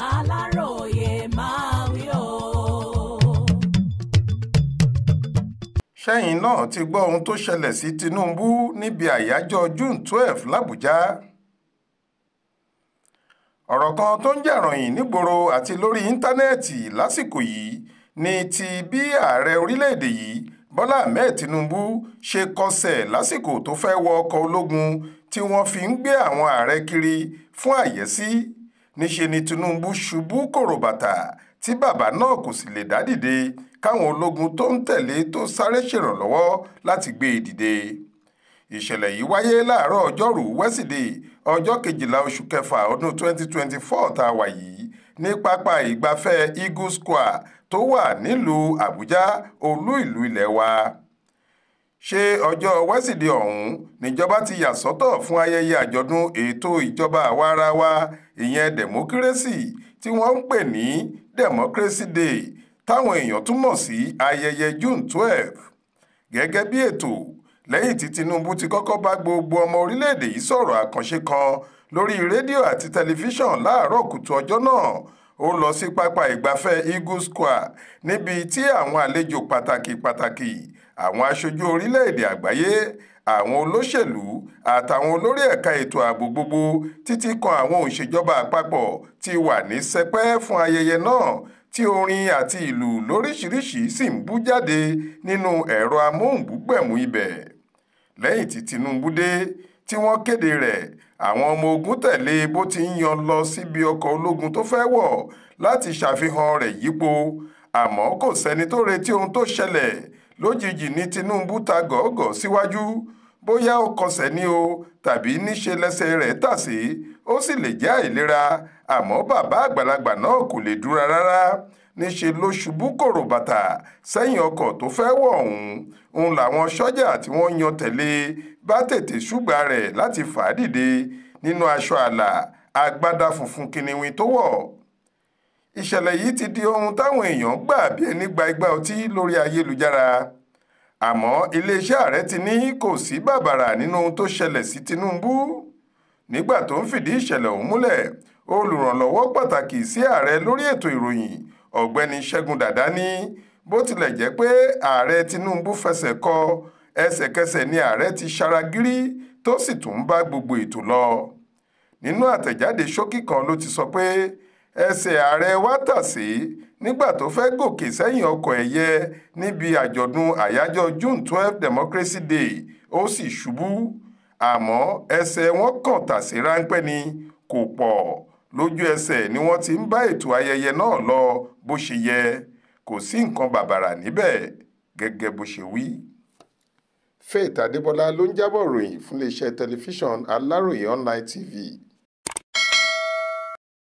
aláròye máa wí o. ṣẹ́yìn náà ti gbọ́ ohun tó ṣẹlẹ̀ sí Tinubu níbi àyájọ́ June twelve làbújá ọ̀rọ̀ kan tó ń jàròyìn nígboro àti lórí íńtánẹ́ẹ̀tì lásìkò yìí ni ti bí ààrẹ orílẹ̀-èdè yìí Bọ́lá Ahmed Tinubu ṣe kọsẹ̀ lásìkò tó fẹ́ wọ ọkọ̀ ológun tí wọ́n fi ń gbé àwọn ààrẹ kiri fún àyẹ́sí. Si níṣe ni Tinubu ṣubú kòròbàtà tí bàbá náà kò sì lè dá dìde káwọn ológun tó ń tẹ̀lé tó sáré ṣèrànlọ́wọ́ láti gbé e dìde ìṣẹ̀lẹ̀ yìí wáyé láàárọ̀ ọjọ́rùú wẹ́sídẹ̀ẹ́ ọjọ́ kejìlá oṣù kẹfà ọdún 2024 tá a wà yìí ní pápá ìgbafẹ́ Eagle Square tó wà nílùú Àbújá olú ìlú ilẹ̀ wa ṣe ọjọ́ wẹ́sídẹ̀ẹ́ ọ̀hún níjọba ti yà sọ́tọ̀ fún ayẹyẹ àjọ̀dún ètò ìjọba àwaarawa ìyẹn democracy tí wọ́n ń pè ní democracy day táwọn èèyàn tún mọ̀ sí ayẹyẹ june twelve gẹ́gẹ́ bí ètò lẹ́yìn tí tinubu ti kọ́kọ́ bá gbogbo ọmọ orílẹ̀-èdè yìí sọ̀rọ̀ àkànṣe kan lórí rédíò àti tẹlifíṣàn láàárọ̀ kùtù ọjọ́ náà ó lọ sí pápá ìgbafẹ́ eagle square níbi tí àwọn àlejò pàtàkì pàtàkì àwọn aṣojú orílẹ̀-èdè àgbáyé àwọn olóṣèlú àtàwọn olórí ẹ̀ka ètò ààbò gbogbo títí kan àwọn òṣèjọba àpapọ̀ ti wà ní sẹpẹ́ fún ayẹyẹ náà tí orin àti ìlú lóríṣiríṣi sì ń bú jáde nínú ẹ̀rọ amóhùnbúgbẹ̀mù ibẹ̀ lẹ́yìn tí Tinubu dé tí wọ́n kéde rẹ̀ àwọn ọmọ ogun tẹ̀lé bó ti ń yan lọ síbi ọkọ̀ ológun tó fẹ́ wọ̀ láti ṣàfihàn rẹ̀ yípo àmọ́ kò sẹ́ni tó retí ohun tó ṣẹlẹ̀ lójijì ní Tinubu ta gọ̀ọ́gọ̀ síwájú bóyá ó kọsẹ̀ ni o tàbí níṣe lẹ́sẹ̀ rẹ̀ tà sí ó sì lè jẹ́ àìlera àmọ́ bàbá àgbàlagbà náà kò lè dúra rárá níṣe ló ṣubú kòrò bàtà sẹ́yìn ọkọ̀ tó fẹ́ wọ̀ ọ̀hún ń làwọn sọ́jà tí wọ́n yan tẹ̀lé bá tètè ṣùgbà rẹ̀ láti fà á dìde nínú aṣọ àlà agbádá funfun kìnìún tó wọ̀ ìṣẹ̀lẹ̀ yìí ti di ohun táwọn èèyàn gbà bí ẹni gba igbá ọtí lórí ayélujára àmọ́ iléeṣẹ́ ààrẹ ti ní kò sí bàbàrà nínú ohun tó ṣẹlẹ̀ sí Tinubu nígbà tó ń fìdí ìṣẹ̀lẹ̀ ọ̀hún múlẹ̀ olùrànlọ́wọ́ pàtàkì sí ààrẹ lórí ètò ìròyìn ọ̀gbẹ́ni Ṣẹ́gun Dàdá ní bó tilẹ̀ jẹ́ pé ààrẹ Tinubu fẹsẹ̀ kọ ẹsẹ̀kẹsẹ̀ ni ààrẹ ti ṣaragírí tó sì tún bá gbogbo ètò lọ nínú àtẹ̀jáde ṣókí kan ló ti sọ pé ẹsẹ̀ ààrẹ wá tà sí nígbà tó fẹ́ gòkè sẹ́yìn ọkọ̀ ẹ̀yẹ níbi àjọ̀dún àyájọ́ June twelve Democracy Day ó sì ṣubú àmọ́ ẹsẹ̀ wọn kàn tà sí ráńpẹ́ ni kò pọ̀ lójú ẹsẹ̀ ni wọ́n ti ń bá ètò ayẹyẹ náà lọ bó ṣe yẹ kò sí nǹkan bàbàrà níbẹ̀ gẹ́gẹ́ bó ṣe wí. Faith Adébọlá ló ń jábọ̀ ròyìn fún iléeṣẹ́ tẹlifíṣàn Aláròyé online TV.